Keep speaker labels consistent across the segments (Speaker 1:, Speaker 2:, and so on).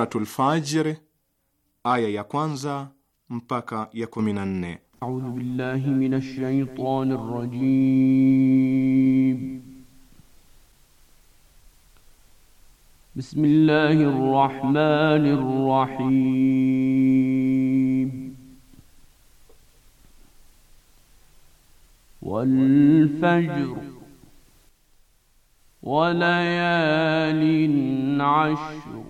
Speaker 1: Suratul Fajr aya ya kwanza mpaka ya 14.
Speaker 2: A'udhu billahi minash shaitani rrajim. Bismillahir rahmanir rahim. Wal fajr wa layalin 'ashr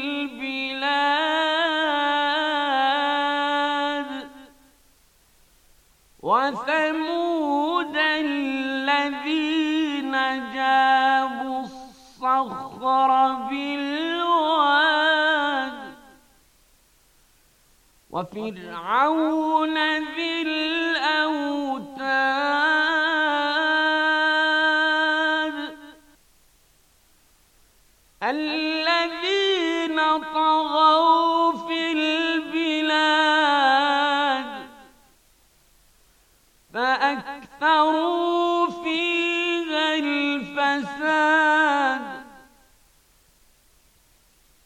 Speaker 2: وثمود الذين جابوا الصخر بالواد وفرعون ذي الأوتاد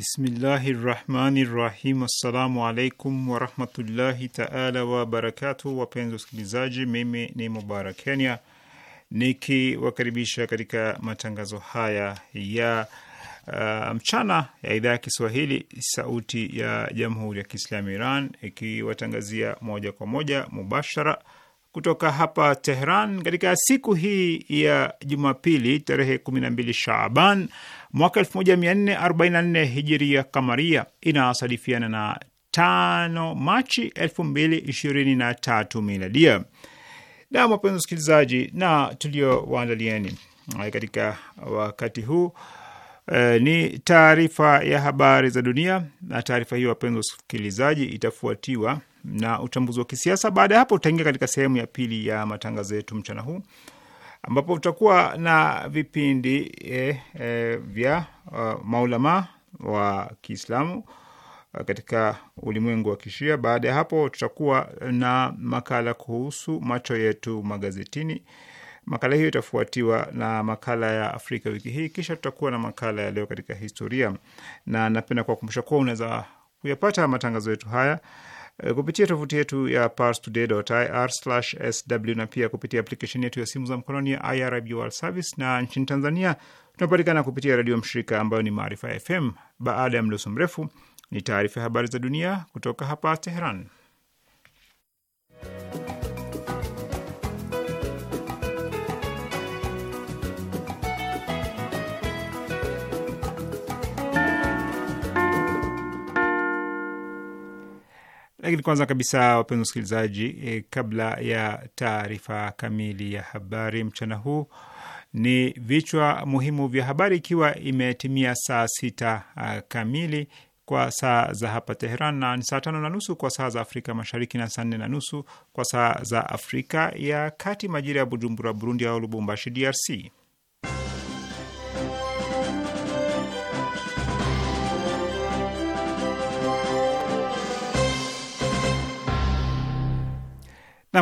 Speaker 3: Bismillahi rahmani rahim. Assalamu alaikum warahmatullahi taala wabarakatuh. Wapenzi wasikilizaji, mimi ni Mubarak Kenya nikiwakaribisha katika matangazo haya ya uh, mchana ya idhaa ya Kiswahili sauti ya jamhuri ya Kiislamu Iran ikiwatangazia moja kwa moja mubashara kutoka hapa Tehran katika siku hii ya Jumapili tarehe 12 Shaaban mwaka 1444 hijiria kamaria, inasadifiana na 5 Machi 2023 miladia. Na wapenzi wasikilizaji, na tuliowaandalieni eh, katika wakati huu e, ni taarifa ya habari za dunia, na taarifa hiyo wapenzi wasikilizaji, itafuatiwa na uchambuzi wa kisiasa. Baada ya hapo, tutaingia katika sehemu ya pili ya matangazo yetu mchana huu ambapo tutakuwa na vipindi eh, eh, vya uh, maulama wa Kiislamu uh, katika ulimwengu wa Kishia. Baada ya hapo, tutakuwa na makala kuhusu macho yetu magazetini. Makala hiyo itafuatiwa na makala ya Afrika wiki hii, kisha tutakuwa na makala ya leo katika historia, na napenda kuwakumbusha kuwa unaweza kuyapata matangazo yetu haya Eh, kupitia tovuti yetu ya parstoday.ir/sw na pia kupitia aplikesheni yetu ya simu za mkononi ya IRIB World Service, na nchini Tanzania tunapatikana kupitia redio mshirika ambayo ni Maarifa FM. Baada ya mdoso mrefu, ni taarifa ya habari za dunia kutoka hapa Teheran. Lakini kwanza kabisa, wapenzi wasikilizaji, e, kabla ya taarifa kamili ya habari mchana huu ni vichwa muhimu vya habari, ikiwa imetimia saa sita uh, kamili kwa saa za hapa Teheran na ni saa tano na nusu kwa saa za Afrika Mashariki na saa nne na nusu kwa saa za Afrika ya Kati, majira ya Bujumbura, Burundi au Lubumbashi, DRC.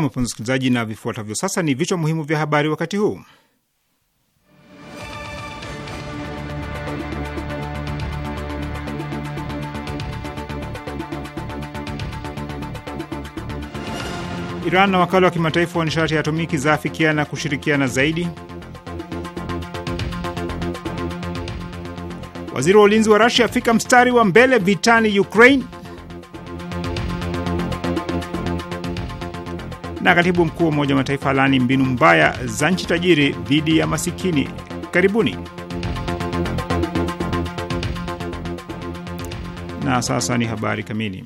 Speaker 3: na mpenzi msikilizaji, na vifuatavyo sasa ni vichwa muhimu vya habari wakati huu. Iran na wakala wa kimataifa wa nishati ya atomiki zaafikiana kushirikiana zaidi. Waziri wa ulinzi wa Rasia afika mstari wa mbele vitani Ukraine. na katibu mkuu wa Umoja wa Mataifa alani mbinu mbaya za nchi tajiri dhidi ya masikini. Karibuni. Na sasa ni habari kamili.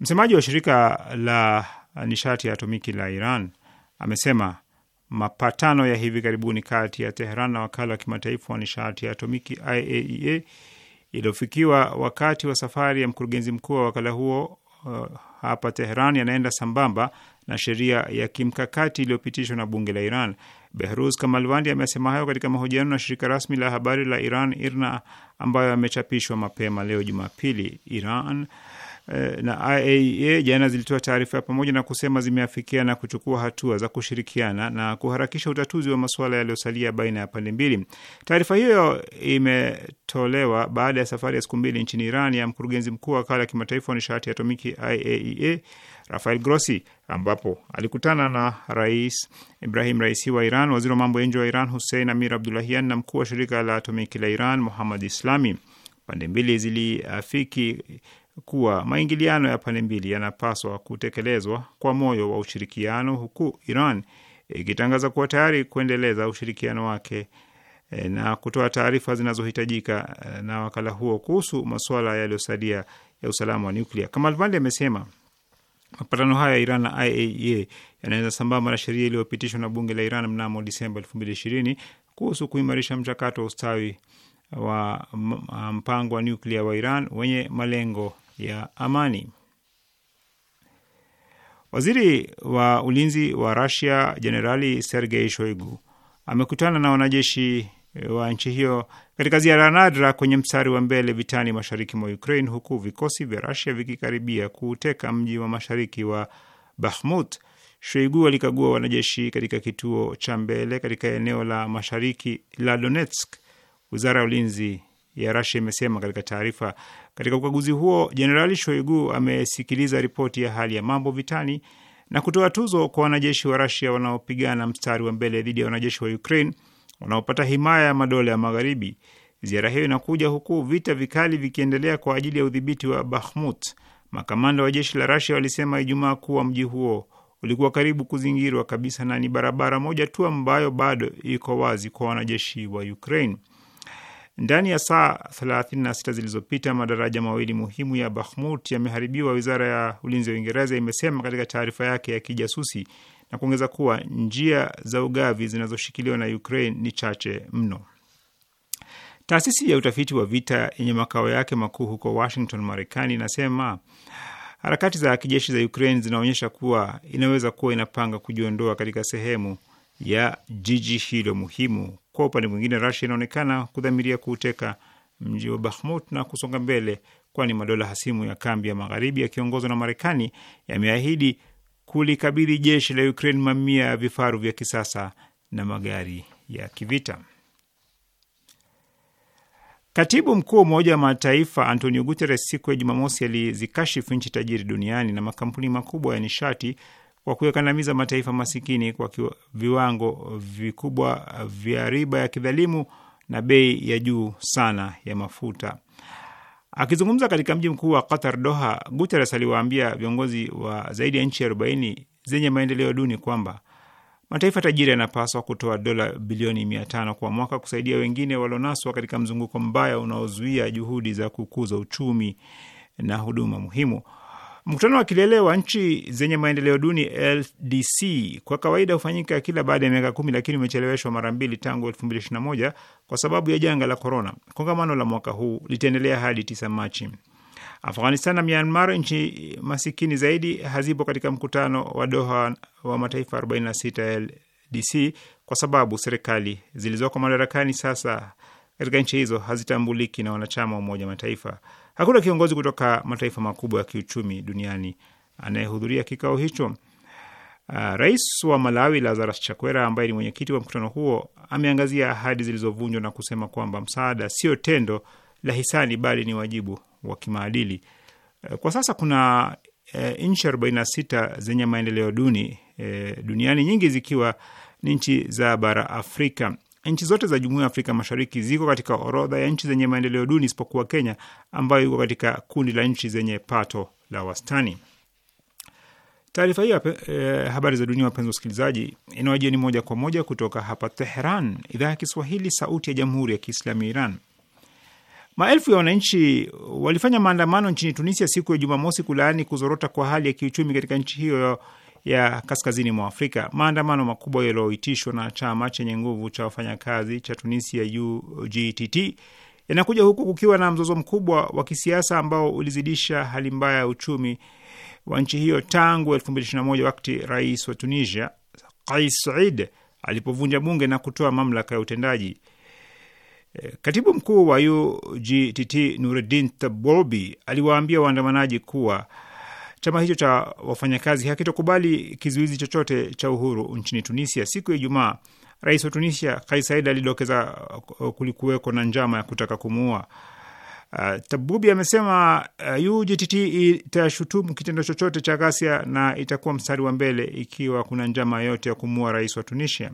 Speaker 3: Msemaji wa shirika la nishati ya atomiki la Iran amesema mapatano ya hivi karibuni kati ya Teheran na wakala wa kimataifa wa nishati ya atomiki IAEA e iliyofikiwa wakati wa safari ya mkurugenzi mkuu wa wakala huo uh, hapa Tehran yanaenda sambamba na sheria ya kimkakati iliyopitishwa na bunge la Iran. Behruz Kamalvandi amesema hayo katika mahojiano na shirika rasmi la habari la Iran IRNA ambayo yamechapishwa mapema leo Jumapili. Iran Eh, na IAEA e jana zilitoa taarifa pamoja na kusema zimeafikiana kuchukua hatua za kushirikiana na kuharakisha utatuzi wa masuala yaliyosalia baina ya pande mbili. Taarifa hiyo imetolewa baada ya safari ya siku mbili nchini Iran ya mkurugenzi mkuu wa wakala ya kimataifa wa nishati ya atomiki IAEA e, Rafael Grossi, ambapo alikutana na Rais Ibrahim Raisi wa Iran, waziri wa mambo ya nje wa Iran Hussein Amir Abdulahian na mkuu wa shirika la atomiki la Iran Muhammad Islami. Pande mbili ziliafiki kuwa maingiliano ya pande mbili yanapaswa kutekelezwa kwa moyo wa ushirikiano, huku Iran ikitangaza kuwa tayari kuendeleza ushirikiano wake eh, na kutoa taarifa zinazohitajika eh, na wakala huo kuhusu masuala yaliyosalia ya usalama wa nuklia. Kamalvandi amesema mapatano hayo ya Iran na IAEA e yanaweza sambamba na sheria iliyopitishwa na bunge la Iran mnamo Disemba 2020 kuhusu kuimarisha mchakato wa ustawi wa mpango wa nyuklia wa Iran wenye malengo ya amani. Waziri wa ulinzi wa Rasia Jenerali Sergei Shoigu amekutana na wanajeshi wa nchi hiyo katika ziara nadra kwenye mstari wa mbele vitani mashariki mwa Ukraine, huku vikosi vya Rasia vikikaribia kuuteka mji wa mashariki wa Bahmut. Shoigu alikagua wanajeshi katika kituo cha mbele katika eneo la mashariki la Donetsk. Wizara ya ulinzi ya Rasia imesema katika taarifa. Katika ukaguzi huo, Jenerali Shoigu amesikiliza ripoti ya hali ya mambo vitani na kutoa tuzo kwa wanajeshi wa Rasia wanaopigana mstari wa mbele dhidi ya wanajeshi wa Ukraine wanaopata himaya ya madola ya Magharibi. Ziara hiyo inakuja huku vita vikali vikiendelea kwa ajili ya udhibiti wa Bakhmut. Makamanda wa jeshi la Rasia walisema Ijumaa kuwa mji huo ulikuwa karibu kuzingirwa kabisa na ni barabara moja tu ambayo bado iko wazi kwa wanajeshi wa Ukraine. Ndani ya saa 36 zilizopita madaraja mawili muhimu ya Bakhmut yameharibiwa, wizara ya ulinzi ya Uingereza imesema katika taarifa yake ya kijasusi na kuongeza kuwa njia za ugavi zinazoshikiliwa na Ukraine ni chache mno. Taasisi ya utafiti wa vita yenye makao yake makuu huko Washington, Marekani, inasema harakati za kijeshi za Ukraine zinaonyesha kuwa inaweza kuwa inapanga kujiondoa katika sehemu ya jiji hilo muhimu kwa upande mwingine, Rasia inaonekana kudhamiria kuuteka mji wa bahmut na kusonga mbele, kwani madola hasimu ya kambi ya magharibi yakiongozwa na Marekani yameahidi kulikabidhi jeshi la Ukraine mamia ya vifaru vya kisasa na magari ya kivita. Katibu mkuu wa Umoja wa Mataifa Antonio Guterres siku ya Jumamosi alizikashifu nchi tajiri duniani na makampuni makubwa ya nishati kwa kuyakandamiza mataifa masikini kwa viwango vikubwa vya riba ya kidhalimu na bei ya juu sana ya mafuta. Akizungumza katika mji mkuu wa Qatar, Doha, Guterres aliwaambia viongozi wa zaidi ya nchi arobaini zenye maendeleo duni kwamba mataifa tajiri yanapaswa kutoa dola bilioni mia tano kwa mwaka kusaidia wengine walionaswa katika mzunguko mbaya unaozuia juhudi za kukuza uchumi na huduma muhimu. Mkutano wa kilele wa nchi zenye maendeleo duni LDC kwa kawaida hufanyika kila baada ya miaka kumi, lakini umecheleweshwa mara mbili tangu 2021 kwa sababu ya janga la korona. Kongamano la mwaka huu litaendelea hadi 9 Machi. Afghanistan na Myanmar, nchi masikini zaidi, hazipo katika mkutano wa Doha wa mataifa 46 LDC kwa sababu serikali zilizoko madarakani sasa katika nchi hizo hazitambuliki na wanachama wa Umoja Mataifa. Hakuna kiongozi kutoka mataifa makubwa ya kiuchumi duniani anayehudhuria kikao hicho. Uh, rais wa Malawi Lazarus Chakwera ambaye ni mwenyekiti wa mkutano huo ameangazia ahadi zilizovunjwa na kusema kwamba msaada sio tendo la hisani bali ni wajibu wa kimaadili. Uh, kwa sasa kuna e, nchi 46 zenye maendeleo duni e, duniani, nyingi zikiwa ni nchi za bara Afrika. Nchi zote za Jumuiya ya Afrika Mashariki ziko katika orodha ya nchi zenye maendeleo duni isipokuwa Kenya ambayo iko katika kundi la nchi zenye pato la wastani. Taarifa hiyo eh, habari za dunia, wapenzi wasikilizaji, inawajieni moja kwa moja kutoka hapa Teheran, idhaa ya Kiswahili, sauti ya jamhuri ya kiislamu ya Iran. Maelfu ya wananchi walifanya maandamano nchini Tunisia siku ya Jumamosi kulaani kuzorota kwa hali ya kiuchumi katika nchi hiyo ya kaskazini mwa Afrika. Maandamano makubwa yaliyoitishwa na chama chenye nguvu cha wafanyakazi cha Tunisia UGTT yanakuja huku kukiwa na mzozo mkubwa wa kisiasa ambao ulizidisha hali mbaya ya uchumi wa nchi hiyo tangu 2021 wakati rais wa Tunisia Kais Saied alipovunja bunge na kutoa mamlaka ya utendaji. Katibu mkuu wa UGTT Nureddin tbobi aliwaambia waandamanaji kuwa chama hicho cha wafanyakazi hakitokubali kizuizi chochote cha uhuru nchini Tunisia. Siku ya Ijumaa, rais wa Tunisia Kais Saied alidokeza uh, kulikuweko na njama ya kutaka kumuua. Uh, Tabubi amesema uh, UGTT itashutumu kitendo chochote cha ghasia na itakuwa mstari wa mbele ikiwa kuna njama yote ya kumuua rais wa Tunisia.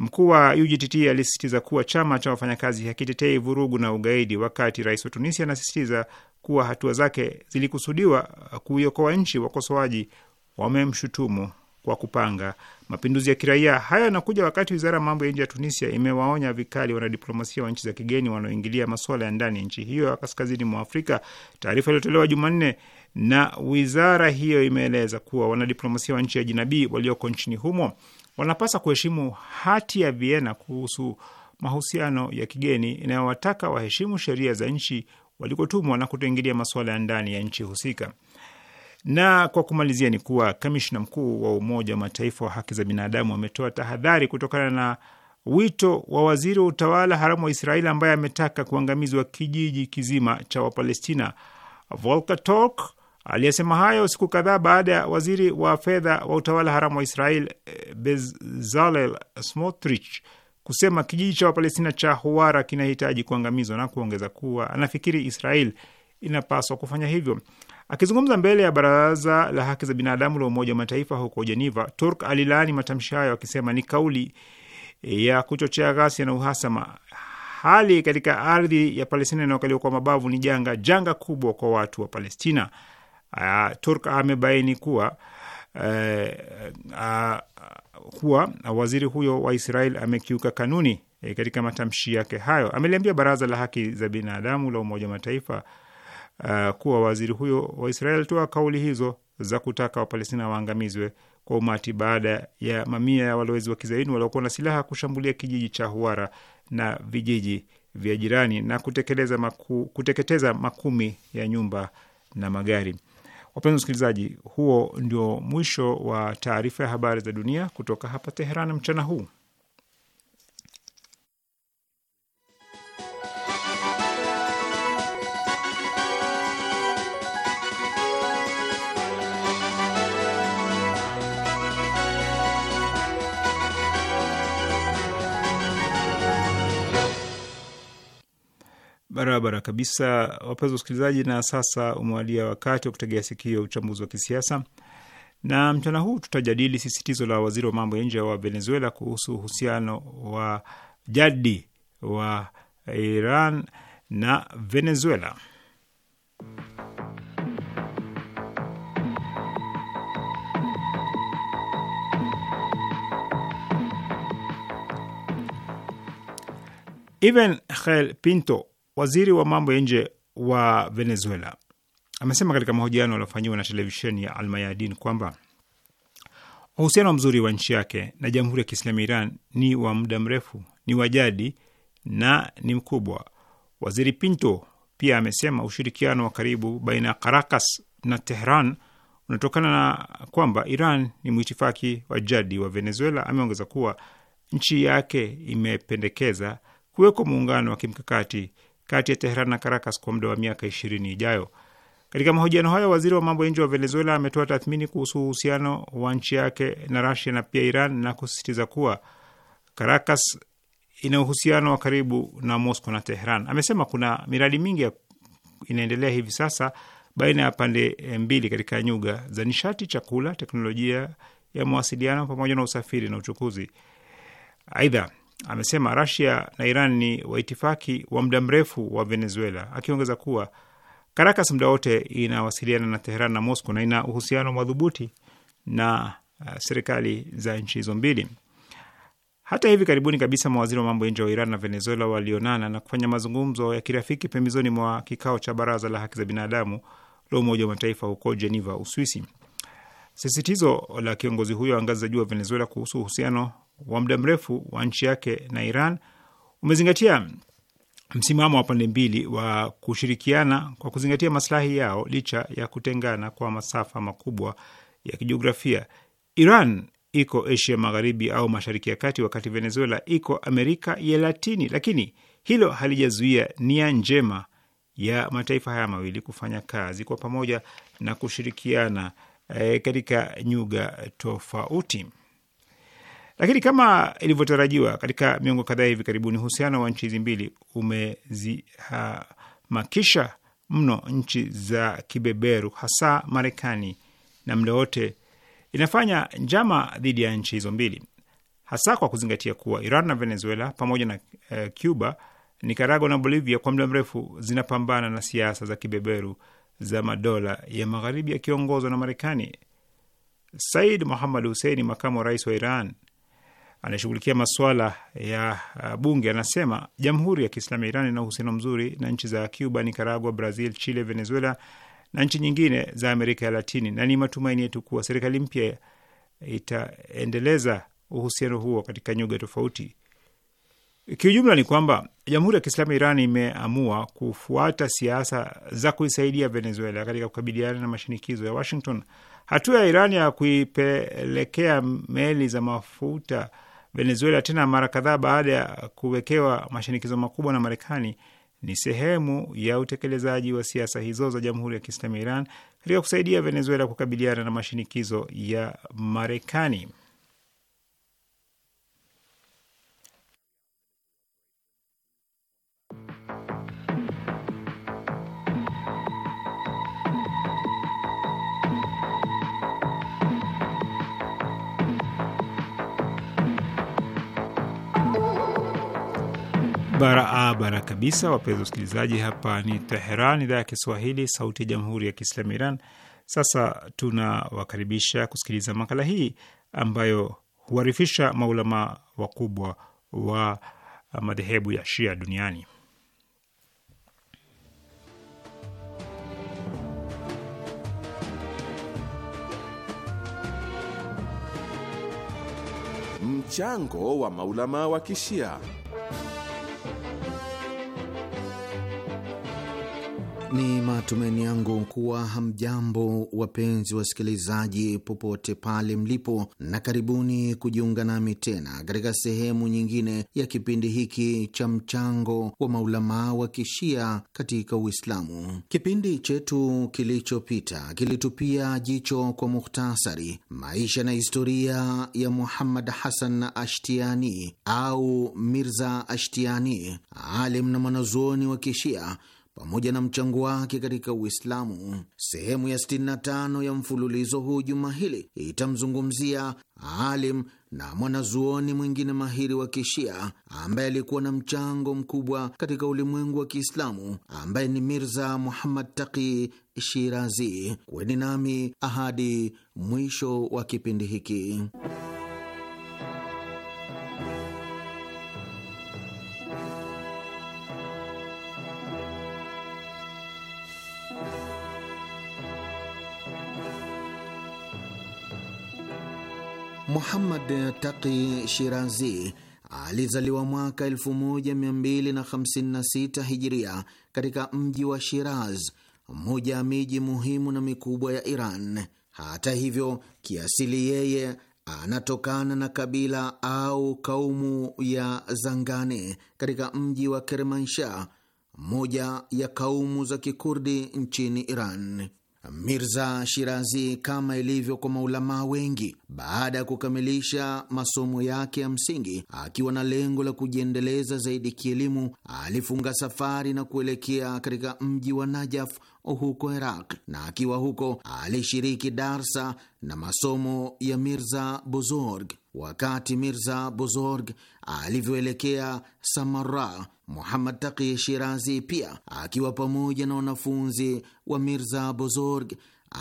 Speaker 3: Mkuu wa UGTT alisisitiza kuwa chama cha wafanyakazi hakitetei vurugu na ugaidi, wakati rais wa Tunisia anasisitiza kuwa hatua zake zilikusudiwa kuiokoa nchi, wakosoaji wamemshutumu kwa kupanga mapinduzi ya kiraia. Hayo yanakuja wakati wizara ya mambo ya nje ya Tunisia imewaonya vikali wanadiplomasia wa nchi za kigeni wanaoingilia masuala ya ndani ya nchi hiyo ya kaskazini mwa Afrika. Taarifa iliyotolewa Jumanne na wizara hiyo imeeleza kuwa wanadiplomasia wa nchi ya jinabii walioko nchini humo wanapasa kuheshimu hati ya Vienna kuhusu mahusiano ya kigeni inayowataka waheshimu sheria za nchi walikotumwa na kutoingilia masuala ya ndani ya nchi husika. Na kwa kumalizia ni kuwa kamishna mkuu wa Umoja wa Mataifa wa haki za binadamu ametoa tahadhari kutokana na wito wa waziri wa utawala haramu wa Israeli ambaye ametaka kuangamizwa kijiji kizima cha Wapalestina. Volker Turk aliyesema hayo siku kadhaa baada ya waziri wa fedha wa utawala haramu wa Israel eh, Bezalel Smotrich kusema kijiji cha Wapalestina cha Huwara kinahitaji kuangamizwa na kuongeza kuwa anafikiri Israel inapaswa kufanya hivyo. Akizungumza mbele ya Baraza la Haki za Binadamu la Umoja wa Mataifa huko Jeneva, Turk alilaani matamshi hayo akisema ni kauli ya kuchochea ghasia na uhasama. Hali katika ardhi ya Palestina inayokaliwa kwa mabavu ni janga janga kubwa kwa watu wa Palestina. Uh, Turk amebaini kuwa uh, uh, kuwa waziri huyo wa Israel amekiuka kanuni. E, katika matamshi yake hayo ameliambia baraza la haki za binadamu la Umoja wa Mataifa uh, kuwa waziri huyo wa Israel alitoa kauli hizo za kutaka Wapalestina waangamizwe kwa umati baada ya mamia ya walowezi wa kizaini waliokuwa na silaha kushambulia kijiji cha Huwara na vijiji vya jirani na kutekeleza maku, kuteketeza makumi ya nyumba na magari. Wapenzi wasikilizaji, huo ndio mwisho wa taarifa ya habari za dunia kutoka hapa Teheran mchana huu. barabara kabisa, wapenzi wasikilizaji, na sasa umewadia wakati wa kutegea sikio uchambuzi wa kisiasa, na mchana huu tutajadili sisitizo la waziri wa mambo ya nje wa Venezuela kuhusu uhusiano wa jadi wa Iran na Venezuela. Ivan Khel Pinto Waziri wa mambo ya nje wa Venezuela amesema katika mahojiano aliofanyiwa na televisheni ya Almayadin kwamba uhusiano mzuri wa nchi yake na Jamhuri ya Kiislamu ya Iran ni wa muda mrefu, ni wa jadi na ni mkubwa. Waziri Pinto pia amesema ushirikiano wa karibu baina ya Caracas na Tehran unatokana na kwamba Iran ni mwitifaki wa jadi wa Venezuela. Ameongeza kuwa nchi yake imependekeza kuwekwa muungano wa kimkakati kati ya Teheran na Caracas kwa muda wa miaka ishirini ijayo. Katika mahojiano hayo, waziri wa mambo ya nje wa Venezuela ametoa tathmini kuhusu uhusiano wa nchi yake na Rasia na pia Iran na kusisitiza kuwa Caracas ina uhusiano wa karibu na Moscow na Teheran. Amesema kuna miradi mingi inaendelea hivi sasa baina ya pande mbili katika nyuga za nishati, chakula, teknolojia ya mawasiliano pamoja na usafiri na uchukuzi. Aidha, amesema Rasia na Iran ni waitifaki wa muda mrefu wa Venezuela, akiongeza kuwa Karakas muda wote inawasiliana na Teheran na Moscow na ina uhusiano madhubuti na uh, serikali za nchi hizo mbili. Hata hivi karibuni kabisa mawaziri wa mambo ya nje wa Iran na Venezuela walionana na kufanya mazungumzo ya kirafiki pembezoni mwa kikao cha Baraza la Haki za Binadamu la Umoja wa Mataifa huko Jeneva, Uswisi. Sisitizo la kiongozi huyo wa ngazi za juu wa Venezuela kuhusu uhusiano wa muda mrefu wa nchi yake na Iran umezingatia msimamo wa pande mbili wa kushirikiana kwa kuzingatia maslahi yao licha ya kutengana kwa masafa makubwa ya kijiografia. Iran iko Asia Magharibi au Mashariki ya Kati, wakati Venezuela iko Amerika ya Latini, lakini hilo halijazuia nia njema ya mataifa haya mawili kufanya kazi kwa pamoja na kushirikiana e, katika nyuga tofauti. Lakini kama ilivyotarajiwa, katika miongo kadhaa hivi karibuni, uhusiano wa nchi hizi mbili umezihamakisha mno nchi za kibeberu, hasa Marekani, na mda wote inafanya njama dhidi ya nchi hizo mbili, hasa kwa kuzingatia kuwa Iran na Venezuela pamoja na eh, Cuba, Nicaragua na Bolivia kwa muda mrefu zinapambana na siasa za kibeberu za madola ya magharibi yakiongozwa na Marekani. Said Muhammad Huseini, makamu wa rais wa Iran, anayeshughulikia masuala ya uh, bunge anasema Jamhuri ya Kiislamu ya Iran ina uhusiano mzuri na nchi za Cuba, Nicaragua, Brazil, Chile, Venezuela na nchi nyingine za Amerika ya Latini, na ni matumaini yetu kuwa serikali mpya itaendeleza uhusiano huo katika nyuga tofauti. Kiujumla ni kwamba Jamhuri ya Kiislamu ya Iran imeamua kufuata siasa za kuisaidia Venezuela katika kukabiliana na mashinikizo ya Washington. Hatua ya Iran ya kuipelekea meli za mafuta Venezuela tena mara kadhaa baada ya kuwekewa mashinikizo makubwa na Marekani ni sehemu ya utekelezaji wa siasa hizo za Jamhuri ya Kiislamu ya Iran katika kusaidia Venezuela kukabiliana na mashinikizo ya Marekani. Barabara kabisa, wapenzi wasikilizaji, hapa ni Teheran, idhaa ya Kiswahili, sauti ya jamhuri ya kiislamu Iran. Sasa tunawakaribisha kusikiliza makala hii ambayo huwarifisha maulamaa wakubwa wa madhehebu ya Shia duniani.
Speaker 1: Mchango wa maulama wa Kishia.
Speaker 4: Ni matumaini yangu kuwa hamjambo, wapenzi wasikilizaji, popote pale mlipo, na karibuni kujiunga nami tena katika sehemu nyingine ya kipindi hiki cha mchango wa maulamaa wa kishia katika Uislamu. Kipindi chetu kilichopita kilitupia jicho kwa mukhtasari maisha na historia ya Muhammad Hasan Ashtiani au Mirza Ashtiani, alim na mwanazuoni wa kishia pamoja na mchango wake katika Uislamu. Sehemu ya 65 ya mfululizo huu juma hili itamzungumzia alim na mwanazuoni mwingine mahiri wa Kishia ambaye alikuwa na mchango mkubwa katika ulimwengu wa Kiislamu, ambaye ni Mirza Muhammad Taqi Shirazi. Kweni nami ahadi mwisho wa kipindi hiki. Muhammad Taqi Shirazi alizaliwa mwaka 1256 Hijiria katika mji wa Shiraz, mmoja ya miji muhimu na mikubwa ya Iran. Hata hivyo, kiasili yeye anatokana na kabila au kaumu ya Zangane katika mji wa Kermanshah, moja ya kaumu za Kikurdi nchini Iran. Mirza Shirazi, kama ilivyo kwa maulamaa wengi, baada ya kukamilisha masomo yake ya msingi akiwa na lengo la kujiendeleza zaidi kielimu, alifunga safari na kuelekea katika mji wa Najaf huko Iraq, na akiwa huko alishiriki darsa na masomo ya Mirza Bozorg. Wakati Mirza Bozorg alivyoelekea Samara Muhammad Taqi Shirazi pia akiwa pamoja na wanafunzi wa Mirza Bozorg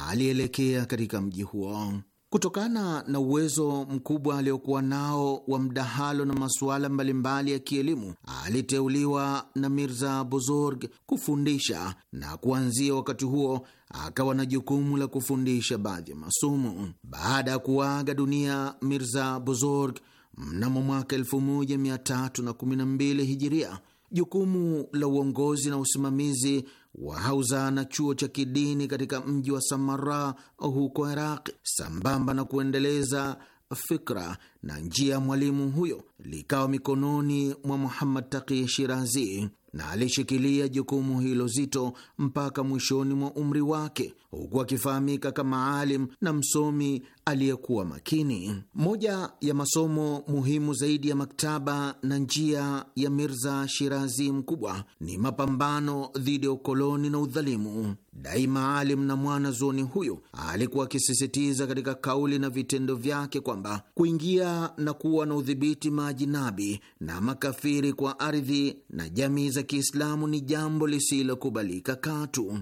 Speaker 4: alielekea katika mji huo. Kutokana na uwezo mkubwa aliokuwa nao wa mdahalo na masuala mbalimbali ya kielimu, aliteuliwa na Mirza Bozorg kufundisha, na kuanzia wakati huo akawa na jukumu la kufundisha baadhi ya masomo. Baada ya kuaga dunia Mirza Bozorg mnamo mwaka 1312 hijiria Jukumu la uongozi na usimamizi wa hauza na chuo cha kidini katika mji wa Samara huko Iraq, sambamba na kuendeleza fikra na njia ya mwalimu huyo, likawa mikononi mwa Muhammad Taqi Shirazi, na alishikilia jukumu hilo zito mpaka mwishoni mwa umri wake huku akifahamika kama alim na msomi aliyekuwa makini. Moja ya masomo muhimu zaidi ya maktaba na njia ya Mirza Shirazi mkubwa ni mapambano dhidi ya ukoloni na udhalimu. Daima alim na mwana zuoni huyu alikuwa akisisitiza katika kauli na vitendo vyake kwamba kuingia na kuwa na udhibiti maajinabi na makafiri kwa ardhi na jamii za Kiislamu ni jambo lisilokubalika katu.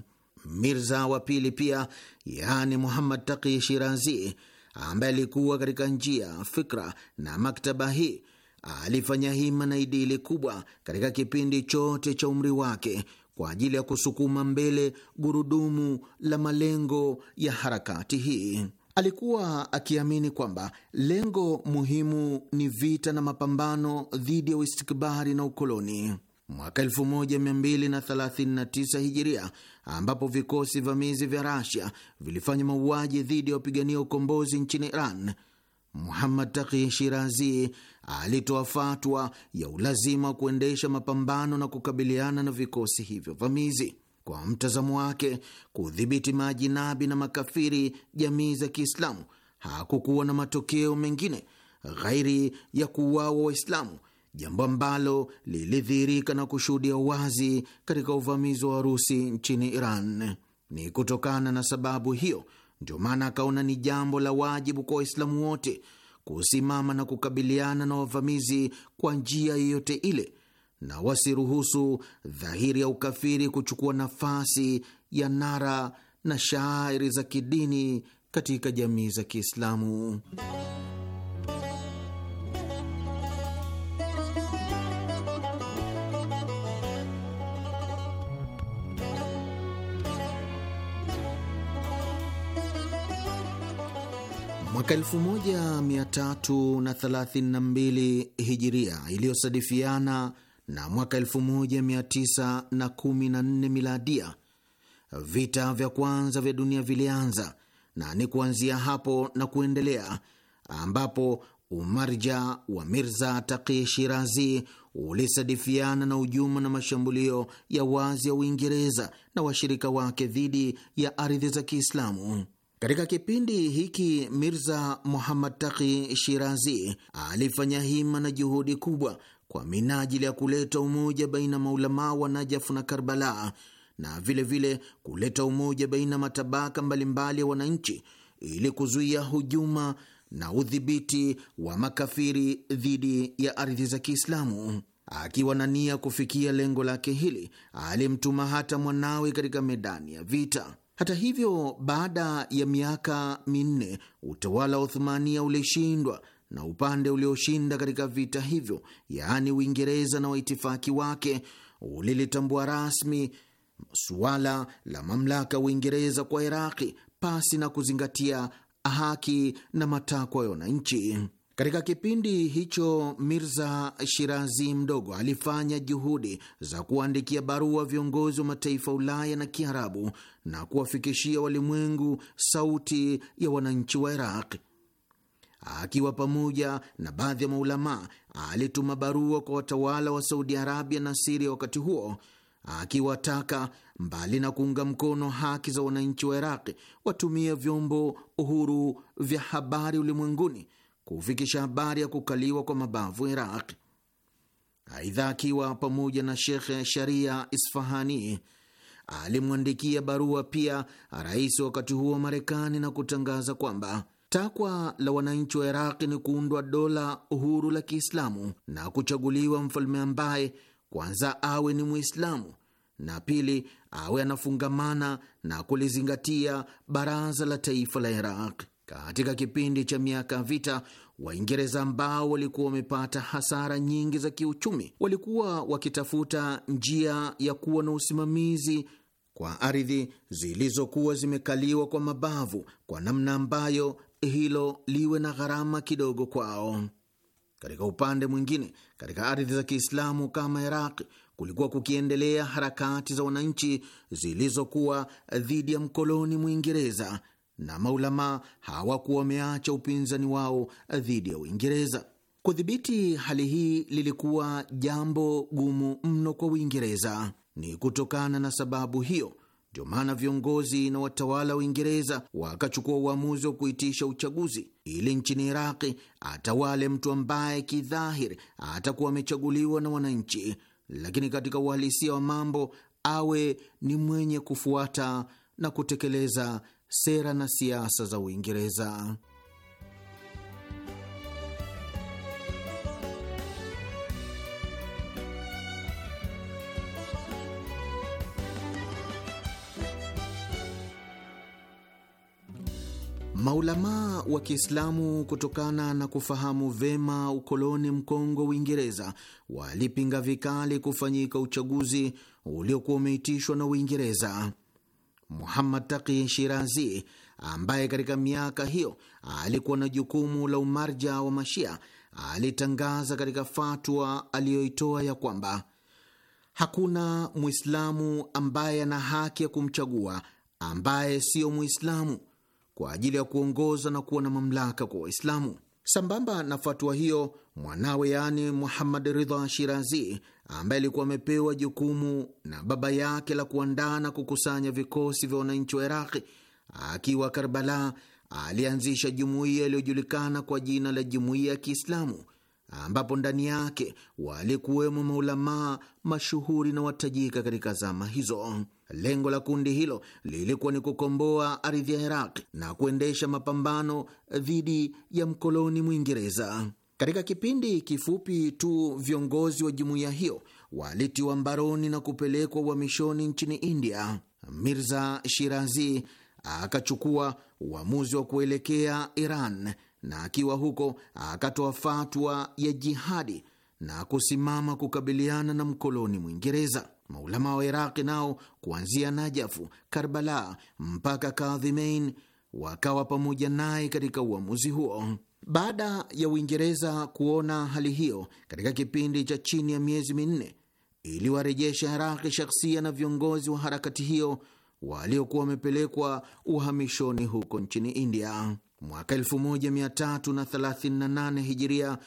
Speaker 4: Mirza wa pili pia, yaani Muhammad Taqi Shirazi, ambaye alikuwa katika njia, fikra na maktaba hii, alifanya hima na idili kubwa katika kipindi chote cha umri wake kwa ajili ya kusukuma mbele gurudumu la malengo ya harakati hii. Alikuwa akiamini kwamba lengo muhimu ni vita na mapambano dhidi ya uistikbari na ukoloni mwaka 1239 hijiria ambapo vikosi vamizi vya Rasia vilifanya mauaji dhidi ya wapigania ukombozi nchini Iran, Muhammad taki Shirazi alitoa fatwa ya ulazima wa kuendesha mapambano na kukabiliana na vikosi hivyo vamizi. Kwa mtazamo wake, kudhibiti nabi na makafiri jamii za Kiislamu hakukuwa na matokeo mengine ghairi ya kuuawa Waislamu jambo ambalo lilidhihirika na kushuhudia wazi katika uvamizi wa Warusi nchini Iran. Ni kutokana na sababu hiyo ndio maana akaona ni jambo la wajibu kwa Waislamu wote kusimama na kukabiliana na wavamizi kwa njia yoyote ile, na wasiruhusu dhahiri ya ukafiri kuchukua nafasi ya nara na shaari za kidini katika jamii za Kiislamu. mwaka 1332 hijiria iliyosadifiana na mwaka 1914 miladia, vita vya kwanza vya dunia vilianza, na ni kuanzia hapo na kuendelea ambapo umarja wa Mirza Taki Shirazi ulisadifiana na ujuma na mashambulio ya wazi ya Uingereza na washirika wake dhidi ya ardhi za Kiislamu. Katika kipindi hiki Mirza Muhammad Taki Shirazi alifanya hima na juhudi kubwa kwa minajili ya kuleta umoja baina maulamaa wa Najafu na Karbala na vilevile vile kuleta umoja baina matabaka mbalimbali ya wananchi ili kuzuia hujuma na udhibiti wa makafiri dhidi ya ardhi za Kiislamu. Akiwa na nia kufikia lengo lake hili, alimtuma hata mwanawe katika medani ya vita. Hata hivyo, baada ya miaka minne utawala wa Uthumania ulishindwa na upande ulioshinda katika vita hivyo, yaani Uingereza na waitifaki wake, ulilitambua rasmi suala la mamlaka Uingereza kwa Iraqi pasi na kuzingatia haki na matakwa ya wananchi. Katika kipindi hicho Mirza Shirazi mdogo alifanya juhudi za kuandikia barua viongozi wa mataifa Ulaya na Kiarabu na kuwafikishia walimwengu sauti ya wananchi wa Iraq. Akiwa pamoja na baadhi ya maulamaa, alituma barua kwa watawala wa Saudi Arabia na Siria wakati huo akiwataka mbali na kuunga mkono haki za wananchi wa Iraqi watumie vyombo uhuru vya habari ulimwenguni kufikisha habari ya kukaliwa kwa mabavu Iraq. Aidha, akiwa pamoja na Shekhe Sharia Isfahani alimwandikia barua pia rais wakati huo wa Marekani na kutangaza kwamba takwa la wananchi wa Iraqi ni kuundwa dola uhuru la Kiislamu na kuchaguliwa mfalme ambaye kwanza awe ni Mwislamu na pili awe anafungamana na kulizingatia baraza la taifa la Iraq. Katika kipindi cha miaka vita, Waingereza ambao walikuwa wamepata hasara nyingi za kiuchumi, walikuwa wakitafuta njia ya kuwa na usimamizi kwa ardhi zilizokuwa zimekaliwa kwa mabavu kwa namna ambayo hilo liwe na gharama kidogo kwao. Katika upande mwingine, katika ardhi za Kiislamu kama iraq kulikuwa kukiendelea harakati za wananchi zilizokuwa dhidi ya mkoloni Mwingereza na maulamaa hawakuwa wameacha upinzani wao dhidi ya Uingereza. Kudhibiti hali hii lilikuwa jambo gumu mno kwa Uingereza. Ni kutokana na sababu hiyo ndio maana viongozi na watawala wa Uingereza wakachukua uamuzi wa kuitisha uchaguzi ili nchini Iraqi atawale mtu ambaye kidhahiri atakuwa amechaguliwa na wananchi, lakini katika uhalisia wa mambo awe ni mwenye kufuata na kutekeleza sera na siasa za Uingereza. Maulamaa wa Kiislamu kutokana na kufahamu vema ukoloni mkongo Uingereza walipinga vikali kufanyika uchaguzi uliokuwa umeitishwa na Uingereza. Muhammad Taqi Shirazi, ambaye katika miaka hiyo alikuwa na jukumu la umarja wa Mashia, alitangaza katika fatwa aliyoitoa ya kwamba hakuna Mwislamu ambaye ana haki ya kumchagua ambaye siyo Mwislamu kwa ajili ya kuongoza na kuwa na mamlaka kwa Waislamu. Sambamba na fatwa hiyo, mwanawe yaani Muhammad Ridha Shirazi, ambaye alikuwa amepewa jukumu na baba yake la kuandaa na kukusanya vikosi vya wananchi wa Iraqi, akiwa Karbala, alianzisha jumuiya iliyojulikana kwa jina la Jumuiya ya Kiislamu, ambapo ndani yake walikuwemo maulamaa mashuhuri na watajika katika zama hizo. Lengo la kundi hilo lilikuwa ni kukomboa ardhi ya Iraq na kuendesha mapambano dhidi ya mkoloni Mwingereza. Katika kipindi kifupi tu viongozi wa jumuiya hiyo walitiwa mbaroni na kupelekwa uhamishoni nchini India. Mirza Shirazi akachukua uamuzi wa kuelekea Iran na akiwa huko akatoa fatwa ya jihadi na kusimama kukabiliana na mkoloni Mwingereza. Maulama wa Iraqi nao kuanzia Najafu, Karbala mpaka Kadhimain wakawa pamoja naye katika uamuzi huo. Baada ya Uingereza kuona hali hiyo, katika kipindi cha chini ya miezi minne iliwarejesha Iraqi shakhsia na viongozi wa harakati hiyo waliokuwa wamepelekwa uhamishoni huko nchini India. Mwaka 1338 Hijiria,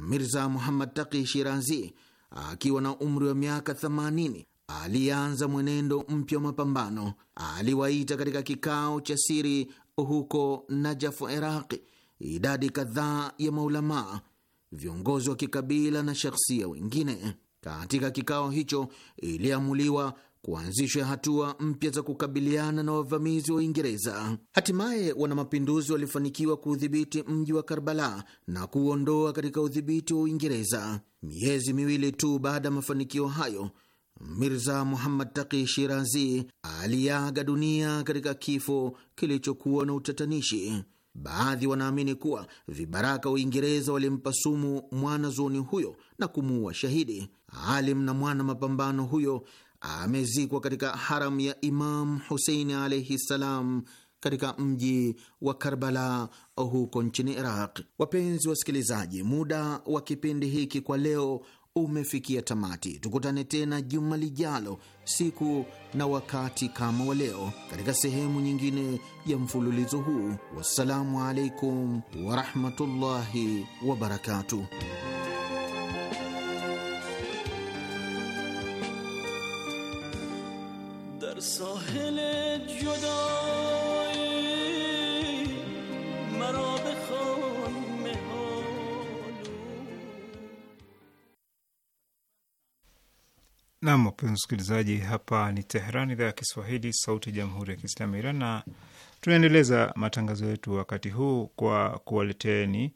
Speaker 4: Mirza Muhammad Taqi Shirazi akiwa na umri wa miaka 80 alianza mwenendo mpya wa mapambano. Aliwaita katika kikao cha siri huko Najafu, Iraqi, idadi kadhaa ya maulamaa, viongozi wa kikabila na shakhsia wengine. Katika kikao hicho iliamuliwa kuanzisha hatua mpya za kukabiliana na wavamizi wa Uingereza. Hatimaye wanamapinduzi walifanikiwa kuudhibiti mji wa Karbala na kuuondoa katika udhibiti wa Uingereza. Miezi miwili tu baada ya mafanikio hayo, Mirza Muhammad Taki Shirazi aliaga dunia katika kifo kilichokuwa na utatanishi. Baadhi wanaamini kuwa vibaraka wa Uingereza walimpa sumu zoni huyo na kumuua shahidi. Alim na mwana mapambano huyo amezikwa katika haram ya Imam Huseini alaihi ssalam katika mji wa Karbala huko nchini Iraq. Wapenzi wasikilizaji, muda wa kipindi hiki kwa leo umefikia tamati. Tukutane tena juma lijalo, siku na wakati kama wa leo, katika sehemu nyingine ya mfululizo huu. Wassalamu alaikum warahmatullahi wabarakatuh.
Speaker 3: Nam, wapenzi msikilizaji, hapa ni Teheran, idhaa ya Kiswahili, sauti ya jamhuri ya kiislamu ya Iran, na tunaendeleza matangazo yetu wakati huu kwa kuwaleteni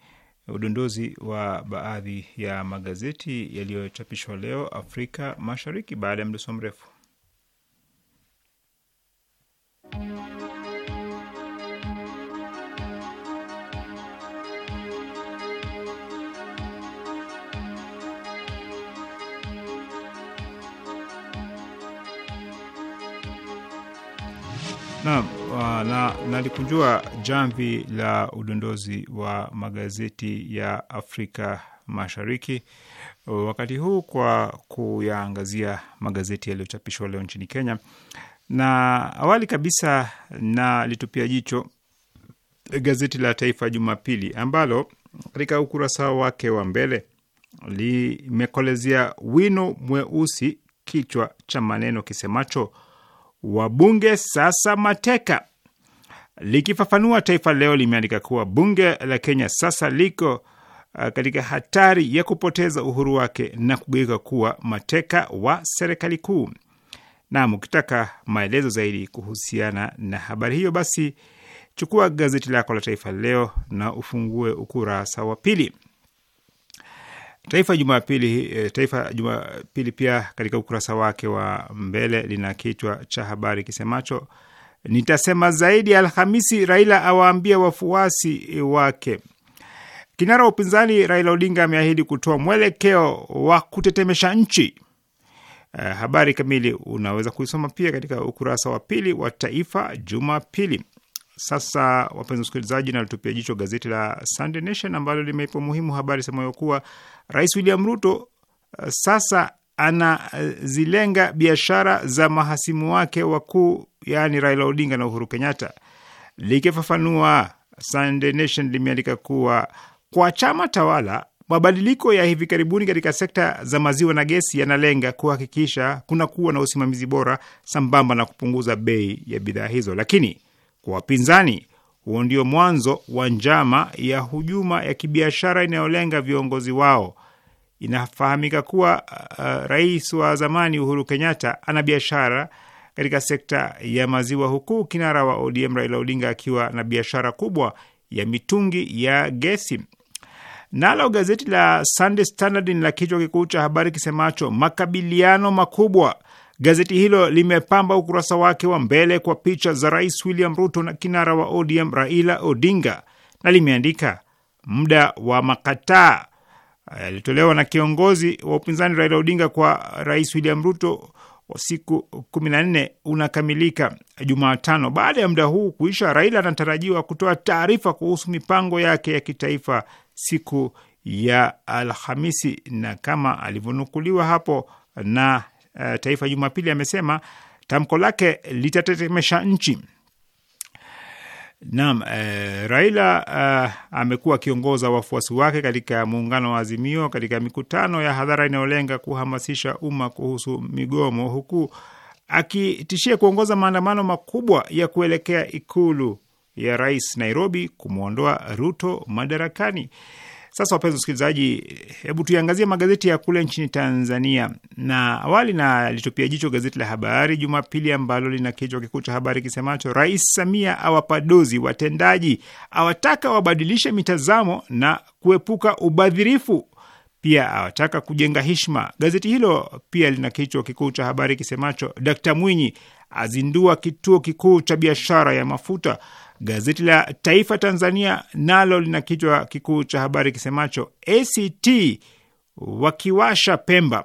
Speaker 3: udondozi wa baadhi ya magazeti yaliyochapishwa leo Afrika Mashariki, baada ya mdoso mrefu Naam, uh, na nalikunjua jamvi la udondozi wa magazeti ya Afrika Mashariki uh, wakati huu kwa kuyaangazia magazeti yaliyochapishwa leo nchini Kenya, na awali kabisa na litupia jicho gazeti la Taifa Jumapili ambalo katika ukurasa wake wa mbele limekolezea wino mweusi kichwa cha maneno kisemacho wabunge sasa mateka. Likifafanua, Taifa Leo limeandika kuwa bunge la Kenya sasa liko uh, katika hatari ya kupoteza uhuru wake na kugeuka kuwa mateka wa serikali kuu. Nam, ukitaka maelezo zaidi kuhusiana na habari hiyo, basi chukua gazeti lako la Taifa Leo na ufungue ukurasa wa pili. Taifa Jumapili, eh, Taifa Jumapili pia katika ukurasa wake wa mbele lina kichwa cha habari kisemacho nitasema zaidi Alhamisi, Raila awaambia wafuasi wake. Kinara wa upinzani Raila Odinga ameahidi kutoa mwelekeo wa kutetemesha nchi. Uh, habari kamili unaweza kuisoma pia katika ukurasa wa pili wa Taifa Jumapili. Sasa wapenzi wasikilizaji, nalitupia jicho gazeti la Sunday Nation ambalo limeipa muhimu habari semayo kuwa Rais William Ruto eh, sasa anazilenga biashara za mahasimu wake wakuu, yaani Raila Odinga na Uhuru Kenyatta. Likifafanua, Sunday Nation limeandika kuwa kwa chama tawala mabadiliko ya hivi karibuni katika sekta za maziwa na gesi yanalenga kuhakikisha kuna kuwa na usimamizi bora sambamba na kupunguza bei ya bidhaa hizo, lakini kwa wapinzani. Huo ndio mwanzo wa njama ya hujuma ya kibiashara inayolenga viongozi wao. Inafahamika kuwa uh, uh rais wa zamani Uhuru Kenyatta ana biashara katika sekta ya maziwa, huku kinara wa ODM Raila Odinga akiwa na biashara kubwa ya mitungi ya gesi. Nalo gazeti la Sunday Standard ni la kichwa kikuu cha habari kisemacho makabiliano makubwa Gazeti hilo limepamba ukurasa wake wa mbele kwa picha za Rais William Ruto na kinara wa ODM Raila Odinga na limeandika muda wa makataa yalitolewa eh, na kiongozi wa upinzani Raila Odinga kwa Rais William Ruto wa siku kumi na nne unakamilika Jumatano. Baada ya muda huu kuisha, Raila anatarajiwa kutoa taarifa kuhusu mipango yake ya kitaifa siku ya Alhamisi, na kama alivyonukuliwa hapo na Eh, Taifa Jumapili amesema tamko lake litatetemesha nchi. Naam, e, Raila eh, amekuwa akiongoza wafuasi wake katika muungano wa Azimio katika mikutano ya hadhara inayolenga kuhamasisha umma kuhusu migomo, huku akitishia kuongoza maandamano makubwa ya kuelekea ikulu ya rais Nairobi kumwondoa Ruto madarakani. Sasa wapenzi wasikilizaji, hebu tuiangazie magazeti ya kule nchini Tanzania, na awali na litupia jicho gazeti la Habari Jumapili ambalo lina kichwa kikuu cha habari kisemacho Rais Samia awapadozi watendaji, awataka wabadilishe mitazamo na kuepuka ubadhirifu, pia awataka kujenga hishma. Gazeti hilo pia lina kichwa kikuu cha habari kisemacho Dkt Mwinyi azindua kituo kikuu cha biashara ya mafuta Gazeti la Taifa Tanzania nalo lina kichwa kikuu cha habari kisemacho ACT wakiwasha Pemba,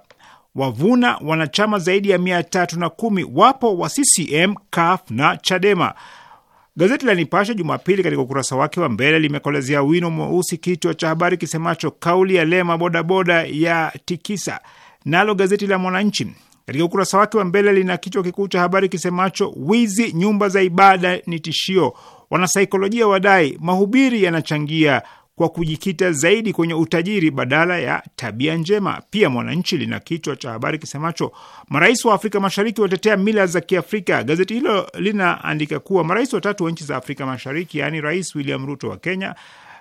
Speaker 3: wavuna wanachama zaidi ya mia tatu na kumi wapo wa CCM, CUF na Chadema. Gazeti la Nipashe Jumapili katika ukurasa wake wa mbele limekolezea wino mweusi kichwa cha habari kisemacho kauli ya Lema bodaboda ya tikisa. Nalo gazeti la Mwananchi katika ukurasa wake wa mbele lina kichwa kikuu cha habari kisemacho wizi nyumba za ibada ni tishio, Wanasaikolojia wadai mahubiri yanachangia kwa kujikita zaidi kwenye utajiri badala ya tabia njema. Pia Mwananchi lina kichwa cha habari kisemacho marais wa Afrika Mashariki watetea mila za Kiafrika. Gazeti hilo linaandika kuwa marais watatu wa nchi za Afrika Mashariki, yaani Rais William Ruto wa Kenya,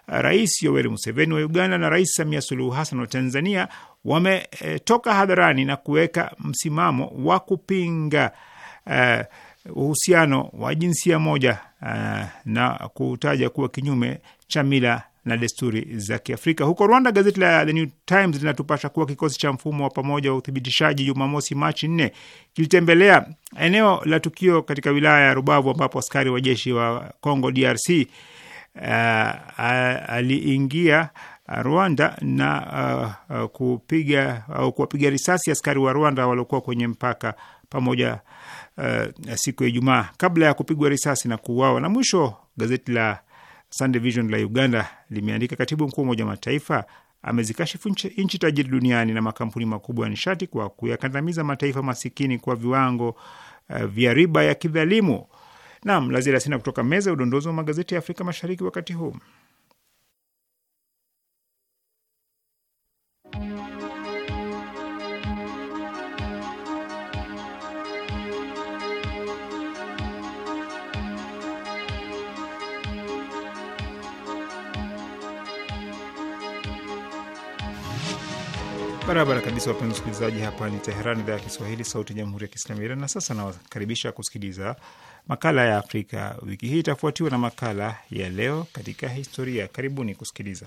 Speaker 3: Rais Yoweri Museveni wa Uganda na Rais Samia Suluhu Hassan wa Tanzania wametoka e, hadharani na kuweka msimamo wa kupinga e, uhusiano wa jinsia moja uh, na kutaja kuwa kinyume cha mila na desturi za Kiafrika. Huko Rwanda, gazeti la The New Times linatupasha kuwa kikosi cha mfumo wa pamoja wa uthibitishaji Jumamosi, Machi nne kilitembelea eneo la tukio katika wilaya ya Rubavu ambapo askari wa jeshi wa Congo DRC uh, eh, aliingia Rwanda na uh, uh, kupiga au uh, kuwapiga risasi askari wa Rwanda waliokuwa kwenye mpaka pamoja uh, siku ya Ijumaa kabla ya kupigwa risasi na kuuawa. Na mwisho gazeti la Sunday Vision la Uganda limeandika katibu mkuu wa Umoja wa Mataifa amezikashifu nchi tajiri duniani na makampuni makubwa ya nishati kwa kuyakandamiza mataifa masikini kwa viwango uh, vya riba ya kidhalimu. Naam, la ziada sina kutoka meza ya udondozi wa magazeti ya Afrika Mashariki wakati huu. Barabara kabisa, wapenzi wasikilizaji, hapa ni Teheran, idhaa ya Kiswahili, sauti ya jamhuri ya kiislamu ya Iran. Na sasa nawakaribisha kusikiliza makala ya Afrika wiki hii, itafuatiwa na makala ya leo katika historia. Karibuni kusikiliza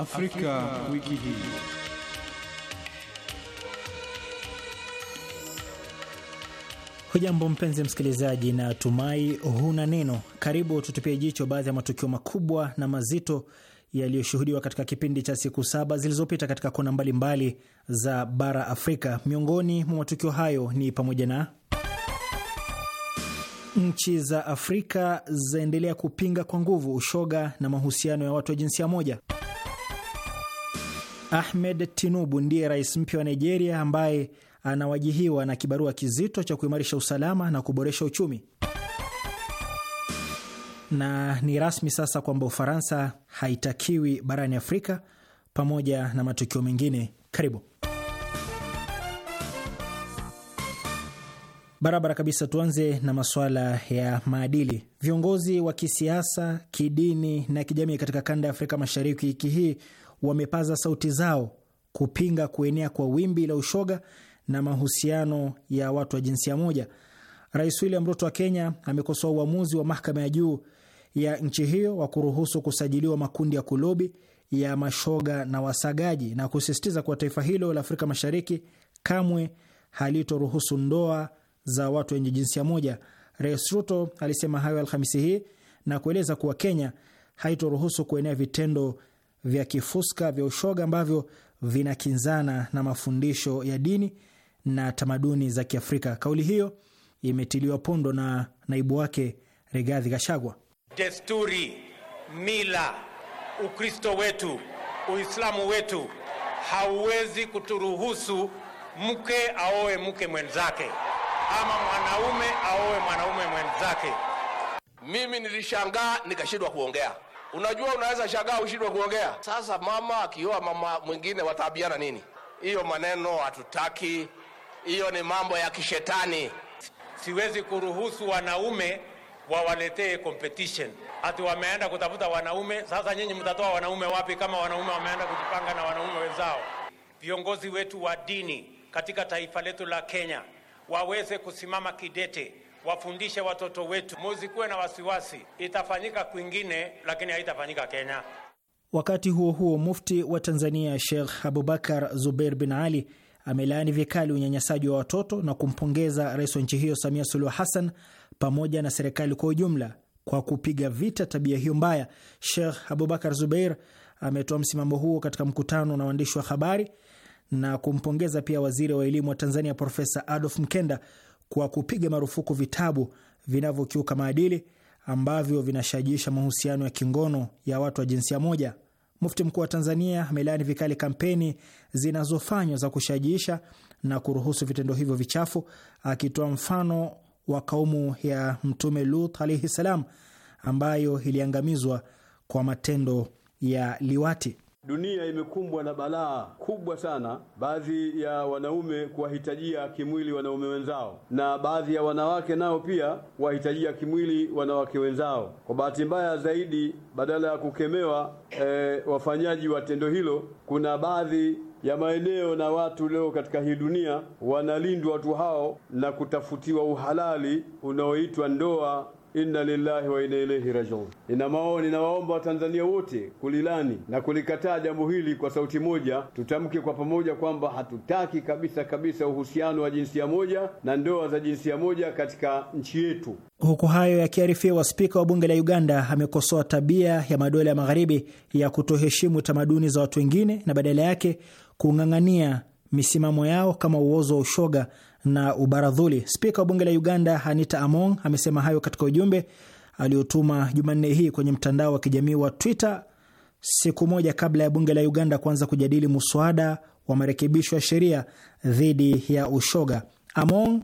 Speaker 5: Afrika, wiki hii. Hujambo mpenzi msikilizaji, na tumai huna neno. Karibu tutupie jicho baadhi ya matukio makubwa na mazito yaliyoshuhudiwa katika kipindi cha siku saba zilizopita katika kona mbalimbali za bara Afrika. Miongoni mwa matukio hayo ni pamoja na nchi za Afrika zaendelea kupinga kwa nguvu ushoga na mahusiano ya watu wa jinsia moja. Ahmed Tinubu ndiye rais mpya wa Nigeria ambaye anawajihiwa na kibarua kizito cha kuimarisha usalama na kuboresha uchumi. Na ni rasmi sasa kwamba Ufaransa haitakiwi barani Afrika pamoja na matukio mengine. Karibu barabara kabisa. Tuanze na masuala ya maadili. Viongozi wa kisiasa, kidini na kijamii katika kanda ya Afrika Mashariki wiki hii wamepaza sauti zao kupinga kuenea kwa wimbi la ushoga na mahusiano ya watu wa jinsia moja. Rais William Ruto wa Kenya amekosoa uamuzi wa mahakama ya juu ya nchi hiyo wa kuruhusu kusajiliwa makundi ya kulobi ya mashoga na wasagaji na kusisitiza kuwa taifa hilo la Afrika Mashariki kamwe halitoruhusu ndoa za watu wenye jinsia moja. Rais Ruto alisema hayo Alhamisi hii na kueleza kuwa Kenya haitoruhusu kuenea vitendo vya kifuska vya ushoga ambavyo vinakinzana na mafundisho ya dini na tamaduni za Kiafrika. Kauli hiyo imetiliwa pondo na naibu wake Rigathi Gachagua.
Speaker 1: Desturi, mila, Ukristo wetu, Uislamu wetu hauwezi kuturuhusu mke aoe mke mwenzake ama mwanaume aoe mwanaume mwenzake. Mimi nilishangaa nikashindwa kuongea Unajua, unaweza shagaa ushindwe kuongea. Sasa mama akioa mama mwingine wataabiana nini? Hiyo maneno hatutaki, hiyo ni mambo ya kishetani. Siwezi kuruhusu wanaume wawaletee competition ati wameenda kutafuta wanaume. Sasa nyinyi mtatoa wanaume wapi kama wanaume wameenda kujipanga na wanaume wenzao? Viongozi wetu wa dini katika taifa letu la Kenya waweze kusimama kidete wafundishe watoto wetu, muzikuwe na wasiwasi, itafanyika kwingine, lakini haitafanyika Kenya.
Speaker 5: Wakati huo huo, mufti wa Tanzania Sheikh Abubakar Zubeir bin Ali amelaani vikali unyanyasaji wa watoto na kumpongeza rais wa nchi hiyo Samia Suluhu Hassan pamoja na serikali kwa ujumla kwa kupiga vita tabia hiyo mbaya. Sheikh Abubakar Zubeir ametoa msimamo huo katika mkutano na waandishi wa habari na kumpongeza pia waziri wa elimu wa Tanzania Profesa Adolf Mkenda kwa kupiga marufuku vitabu vinavyokiuka maadili ambavyo vinashajiisha mahusiano ya kingono ya watu wa jinsia moja. Mufti mkuu wa Tanzania amelaani vikali kampeni zinazofanywa za kushajiisha na kuruhusu vitendo hivyo vichafu, akitoa mfano wa kaumu ya Mtume Lut alaihi salam ambayo iliangamizwa kwa matendo ya liwati.
Speaker 4: Dunia imekumbwa na balaa kubwa sana, baadhi ya wanaume kuwahitajia kimwili wanaume wenzao, na baadhi ya wanawake nao pia kuwahitajia kimwili wanawake wenzao. Kwa bahati mbaya zaidi, badala ya kukemewa e, wafanyaji wa tendo hilo, kuna baadhi ya maeneo na watu leo katika hii dunia wanalindwa watu hao na kutafutiwa uhalali unaoitwa ndoa inna lillahi wa inna ilaihi rajiun. Ina maoni, ninawaomba Watanzania wote kulilani na kulikataa jambo hili kwa sauti moja. Tutamke kwa pamoja kwamba hatutaki kabisa kabisa uhusiano wa jinsia moja na ndoa za jinsia moja katika nchi yetu.
Speaker 5: Huku hayo yakiarifiwa, spika wa bunge la Uganda amekosoa tabia ya madola ya magharibi ya kutoheshimu tamaduni za watu wengine na badala yake kung'ang'ania misimamo yao kama uozo wa ushoga na ubaradhuli. Spika wa bunge la Uganda Anita Among amesema hayo katika ujumbe aliotuma Jumanne hii kwenye mtandao wa kijamii wa Twitter siku moja kabla ya bunge la Uganda kuanza kujadili muswada wa marekebisho ya sheria dhidi ya ushoga. Among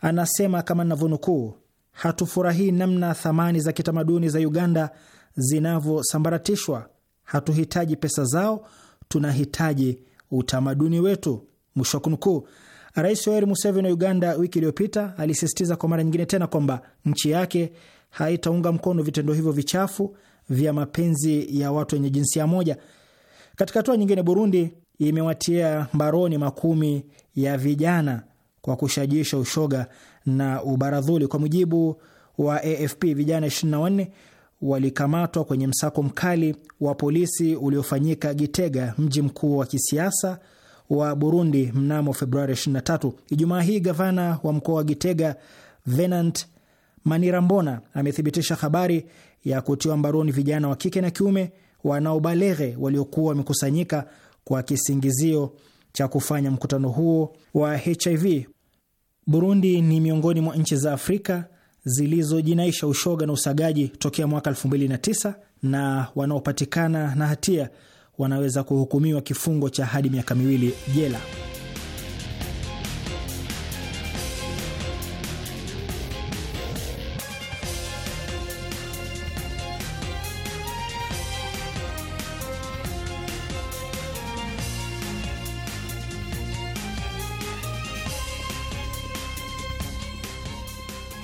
Speaker 5: anasema kama navyonukuu, hatufurahii namna thamani za kitamaduni za Uganda zinavyosambaratishwa. Hatuhitaji pesa zao, tunahitaji utamaduni wetu, mwisho wa kunukuu. Rais Yoweri Museveni wa Uganda wiki iliyopita alisisitiza kwa mara nyingine tena kwamba nchi yake haitaunga mkono vitendo hivyo vichafu vya mapenzi ya watu wenye jinsia moja. Katika hatua nyingine, Burundi imewatia mbaroni makumi ya vijana kwa kushajiisha ushoga na ubaradhuli. Kwa mujibu wa AFP, vijana 24 walikamatwa kwenye msako mkali wa polisi uliofanyika Gitega, mji mkuu wa kisiasa wa Burundi mnamo Februari 23. Ijumaa hii gavana wa mkoa wa Gitega Venant Manirambona amethibitisha habari ya kutiwa mbaroni vijana wa kike na kiume wanaobalere waliokuwa wamekusanyika kwa kisingizio cha kufanya mkutano huo wa HIV. Burundi ni miongoni mwa nchi za Afrika zilizojinaisha ushoga na usagaji tokea mwaka 2009 na wanaopatikana na hatia wanaweza kuhukumiwa kifungo cha hadi miaka miwili jela.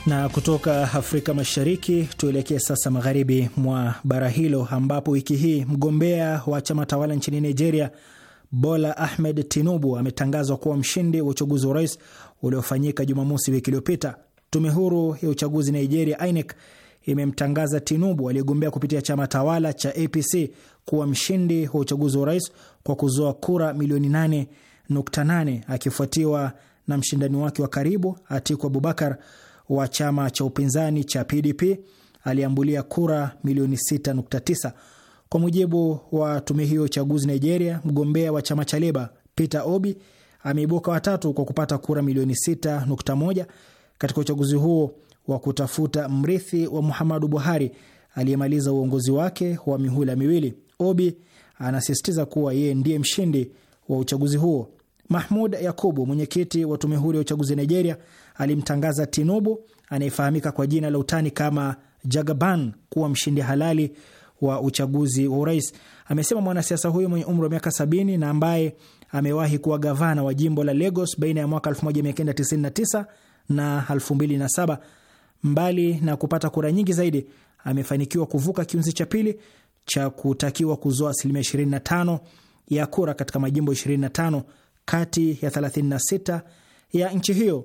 Speaker 5: Na kutoka Afrika Mashariki tuelekee sasa magharibi mwa bara hilo, ambapo wiki hii mgombea wa chama tawala nchini Nigeria, Bola Ahmed Tinubu ametangazwa kuwa mshindi wa uchaguzi wa rais uliofanyika Jumamosi wiki iliyopita. Tume huru ya uchaguzi Nigeria, INEC, imemtangaza Tinubu aliyegombea kupitia chama tawala cha APC kuwa mshindi wa uchaguzi wa rais kwa kuzoa kura milioni 8.8 akifuatiwa na mshindani wake wa karibu Atiku Abubakar wa chama cha upinzani cha PDP aliambulia kura milioni 6.9. Kwa mujibu wa tume hiyo uchaguzi Nigeria, mgombea wa chama cha Leba Peter Obi ameibuka watatu kwa kupata kura milioni 6.1 katika uchaguzi huo wa kutafuta mrithi wa Muhammadu Buhari aliyemaliza uongozi wake wa mihula miwili. Obi anasisitiza kuwa yeye ndiye mshindi wa uchaguzi huo. Mahmud Yakubu, mwenyekiti wa tume huru ya uchaguzi Nigeria, alimtangaza tinubu anayefahamika kwa jina la utani kama Jagaban kuwa mshindi halali wa uchaguzi wa urais. Amesema mwanasiasa huyo mwenye umri wa miaka sabini na ambaye amewahi kuwa gavana wa jimbo la Lagos baina ya mwaka 1999 na 2007, mbali na kupata kura nyingi zaidi, amefanikiwa kuvuka kiunzi cha pili cha kutakiwa kuzoa asilimia 25 ya kura katika majimbo 25 kati ya 36 ya nchi hiyo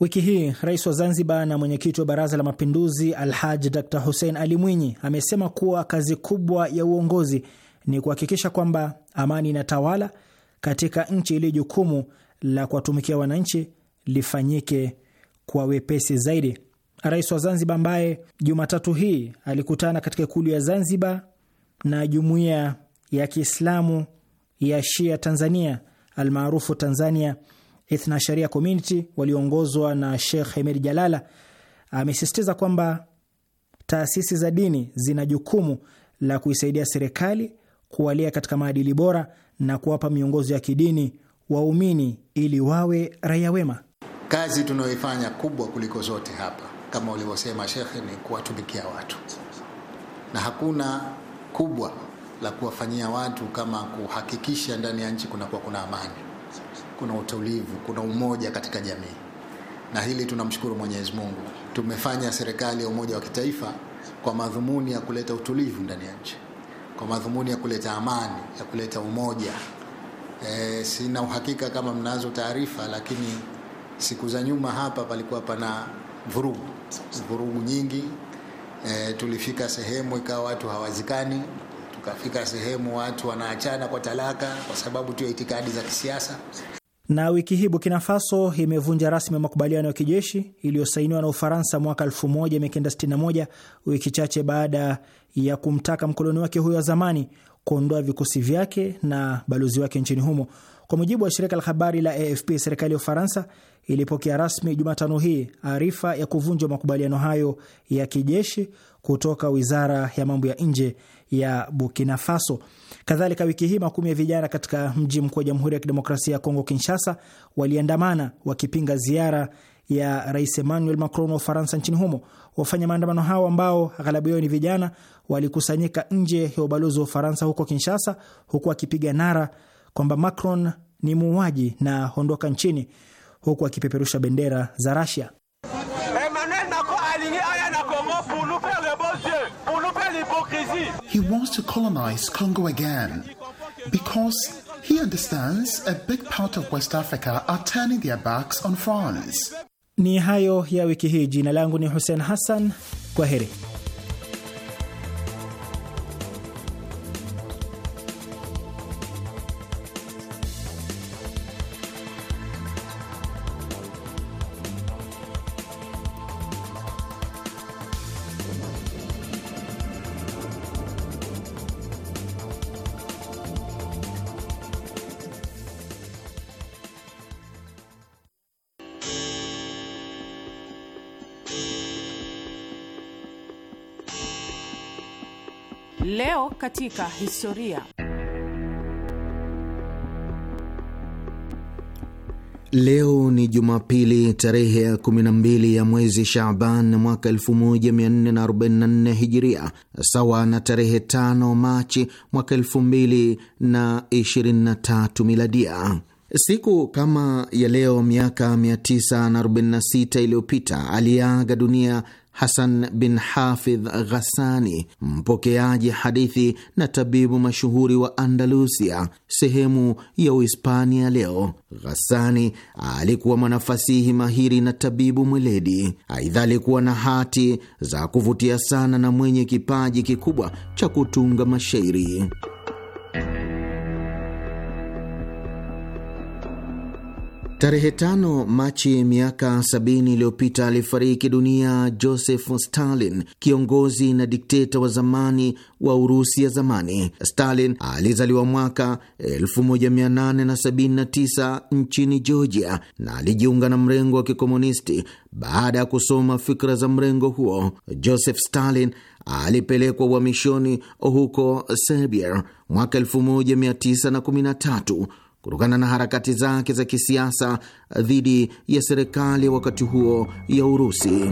Speaker 5: Wiki hii rais wa Zanzibar na mwenyekiti wa baraza la mapinduzi Alhaj Dr Hussein Ali Mwinyi amesema kuwa kazi kubwa ya uongozi ni kuhakikisha kwamba amani inatawala katika nchi ili jukumu la kuwatumikia wananchi lifanyike kwa wepesi zaidi. Rais wa Zanzibar ambaye Jumatatu hii alikutana katika ikulu ya Zanzibar na jumuiya ya Kiislamu ya Shia Tanzania almaarufu Tanzania Ithna Sharia Community walioongozwa na Sheikh Hemed Jalala amesisitiza kwamba taasisi za dini zina jukumu la kuisaidia serikali kuwalia katika maadili bora na kuwapa miongozo ya kidini waumini ili wawe raia wema.
Speaker 4: Kazi tunayoifanya kubwa kuliko zote hapa, kama ulivyosema shekhe, ni kuwatumikia watu, na hakuna kubwa la kuwafanyia watu kama kuhakikisha ndani ya nchi kunakuwa kuna amani kuna utulivu, kuna umoja katika jamii, na hili tunamshukuru Mwenyezi Mungu. Tumefanya serikali ya umoja wa kitaifa kwa madhumuni ya kuleta utulivu ndani ya nchi, kwa madhumuni ya kuleta amani, ya kuleta umoja. E, sina uhakika kama mnazo taarifa, lakini siku za nyuma hapa palikuwa pana vurugu vurugu nyingi. E, tulifika sehemu ikawa watu hawazikani, tukafika sehemu watu wanaachana kwa talaka kwa sababu tu ya itikadi za kisiasa.
Speaker 5: Na wiki hii Burkina Faso imevunja rasmi makubaliano ya kijeshi iliyosainiwa na Ufaransa mwaka 1961 wiki chache baada ya kumtaka mkoloni wake huyo wa zamani kuondoa vikosi vyake na balozi wake nchini humo. Kwa mujibu wa shirika la habari la AFP, serikali ya Ufaransa ilipokea rasmi Jumatano hii arifa ya kuvunjwa makubaliano hayo ya kijeshi kutoka wizara ya mambo ya nje ya Burkina Faso. Kadhalika, wiki hii makumi ya vijana katika mji mkuu wa Jamhuri ya Kidemokrasia ya Kongo, Kinshasa, waliandamana wakipinga ziara ya Rais Emmanuel Macron wa Ufaransa nchini humo. Wafanya maandamano hao ambao aghalabu yao ni vijana walikusanyika nje ya ubalozi wa Ufaransa huko Kinshasa, huku wakipiga nara kwamba Macron ni muuaji na ondoka nchini, huku akipeperusha bendera za Rasia.
Speaker 3: he wants to colonize Congo again because he understands a big part of West Africa
Speaker 5: are turning their backs on France. Ni hayo ya wiki hii. Jina langu ni Hussein Hassan. Kwa heri.
Speaker 2: katika historia.
Speaker 4: Leo ni Jumapili tarehe ya 12 ya mwezi shaban mwaka 1444 Hijiria, sawa na tarehe 5 Machi mwaka 2023 Miladia. Siku kama ya leo miaka 946 iliyopita aliaga dunia Hasan bin Hafidh Ghassani, mpokeaji hadithi na tabibu mashuhuri wa Andalusia, sehemu ya Uhispania leo. Ghassani alikuwa mwanafasihi mahiri na tabibu mweledi. Aidha, alikuwa na hati za kuvutia sana na mwenye kipaji kikubwa cha kutunga mashairi. Tarehe tano Machi miaka sabini iliyopita alifariki dunia Joseph Stalin, kiongozi na dikteta wa zamani wa Urusi ya zamani. Stalin alizaliwa mwaka 1879 nchini Georgia na alijiunga na mrengo wa kikomunisti baada ya kusoma fikra za mrengo huo. Joseph Stalin alipelekwa uhamishoni huko Serbia mwaka 1913 kutokana na harakati zake za kisiasa dhidi ya serikali wakati huo ya Urusi.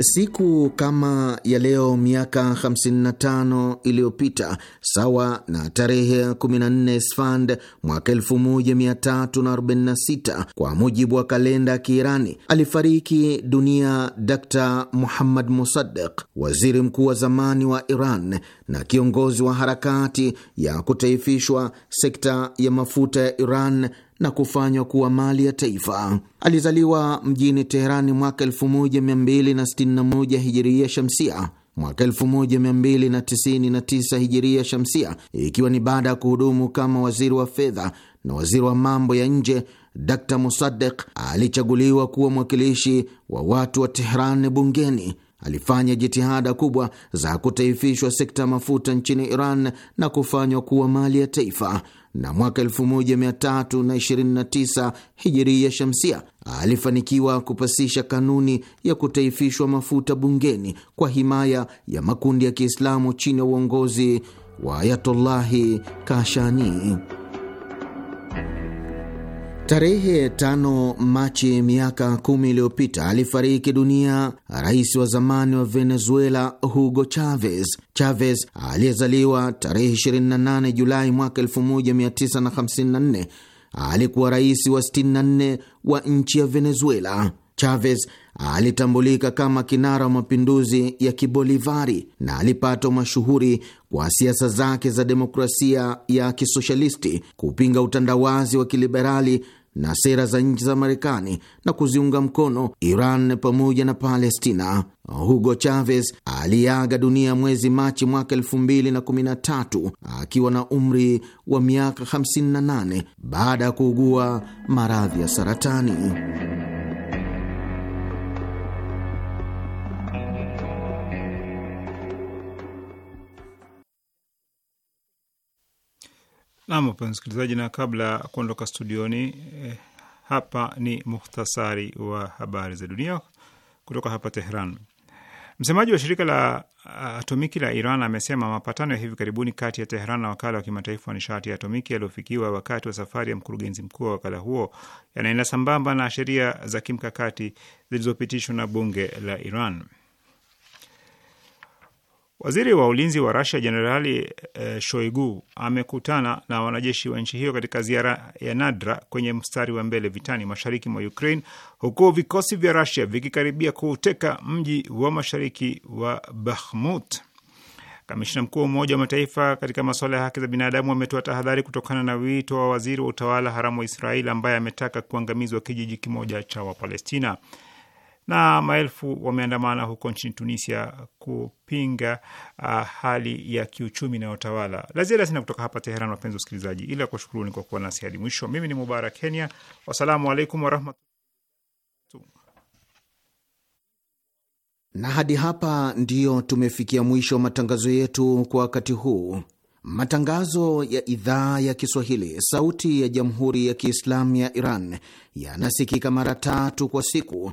Speaker 4: Siku kama ya leo miaka 55 iliyopita sawa na tarehe 14 Sfand mwaka 1346 kwa mujibu wa kalenda ya Kiirani, alifariki dunia Dr Muhammad Musaddiq, waziri mkuu wa zamani wa Iran na kiongozi wa harakati ya kutaifishwa sekta ya mafuta ya Iran na kufanywa kuwa mali ya taifa. Alizaliwa mjini Teherani mwaka 1261 hijiria shamsia mwaka 1299 hijiria shamsia, ikiwa ni baada ya kuhudumu kama waziri wa fedha na waziri wa mambo ya nje. Dr Musadek alichaguliwa kuwa mwakilishi wa watu wa Teherani bungeni alifanya jitihada kubwa za kutaifishwa sekta ya mafuta nchini Iran na kufanywa kuwa mali ya taifa, na mwaka 1329 ya shamsia alifanikiwa kupasisha kanuni ya kutaifishwa mafuta bungeni kwa himaya ya makundi ya Kiislamu chini ya uongozi wa ayatullahi Kashani. Tarehe tano Machi miaka kumi iliyopita alifariki dunia rais wa zamani wa Venezuela Hugo Chavez. Chavez aliyezaliwa tarehe 28 Julai mwaka 1954 alikuwa rais wa 64 wa nchi ya Venezuela. Chavez alitambulika kama kinara wa mapinduzi ya kibolivari na alipata mashuhuri kwa siasa zake za demokrasia ya kisoshalisti, kupinga utandawazi wa kiliberali na sera za nchi za Marekani na kuziunga mkono Iran pamoja na Palestina. Hugo Chavez aliaga dunia mwezi Machi mwaka 2013 akiwa na umri wa miaka 58 baada ya kuugua maradhi ya saratani.
Speaker 3: Nam, wapenzi msikilizaji, na kabla ya kuondoka studioni eh, hapa ni muhtasari wa habari za dunia kutoka hapa Tehran. Msemaji wa shirika la ah, atomiki la Iran amesema mapatano ya hivi karibuni kati ya Tehran na wakala wa kimataifa wa nishati ya atomiki yaliyofikiwa wakati wa safari ya mkurugenzi mkuu wa wakala huo yanaenda sambamba na sheria za kimkakati zilizopitishwa na bunge la Iran. Waziri wa ulinzi wa Rasia Jenerali eh, Shoigu amekutana na wanajeshi wa nchi hiyo katika ziara ya nadra kwenye mstari wa mbele vitani mashariki mwa Ukraine, huku vikosi vya Rasia vikikaribia kuuteka mji wa mashariki wa Bakhmut. kamishina mkuu wa Umoja wa Mataifa katika masuala ya haki za binadamu ametoa tahadhari kutokana na wito wa waziri wa utawala haramu wa Israeli ambaye ametaka kuangamizwa kijiji kimoja cha Wapalestina na maelfu wameandamana huko nchini Tunisia kupinga uh, hali ya kiuchumi inayotawala. La ziada sina kutoka hapa Teheran, wapenzi wasikilizaji, ila kuwashukuruni kwa kuwa nasi hadi mwisho. Mimi ni Mubarak Kenya, wassalamu alaikum warahmatullahi.
Speaker 4: Na hadi hapa ndiyo tumefikia mwisho wa matangazo yetu kwa wakati huu. Matangazo ya idhaa ya Kiswahili sauti ya jamhuri ya Kiislamu ya Iran yanasikika mara tatu kwa siku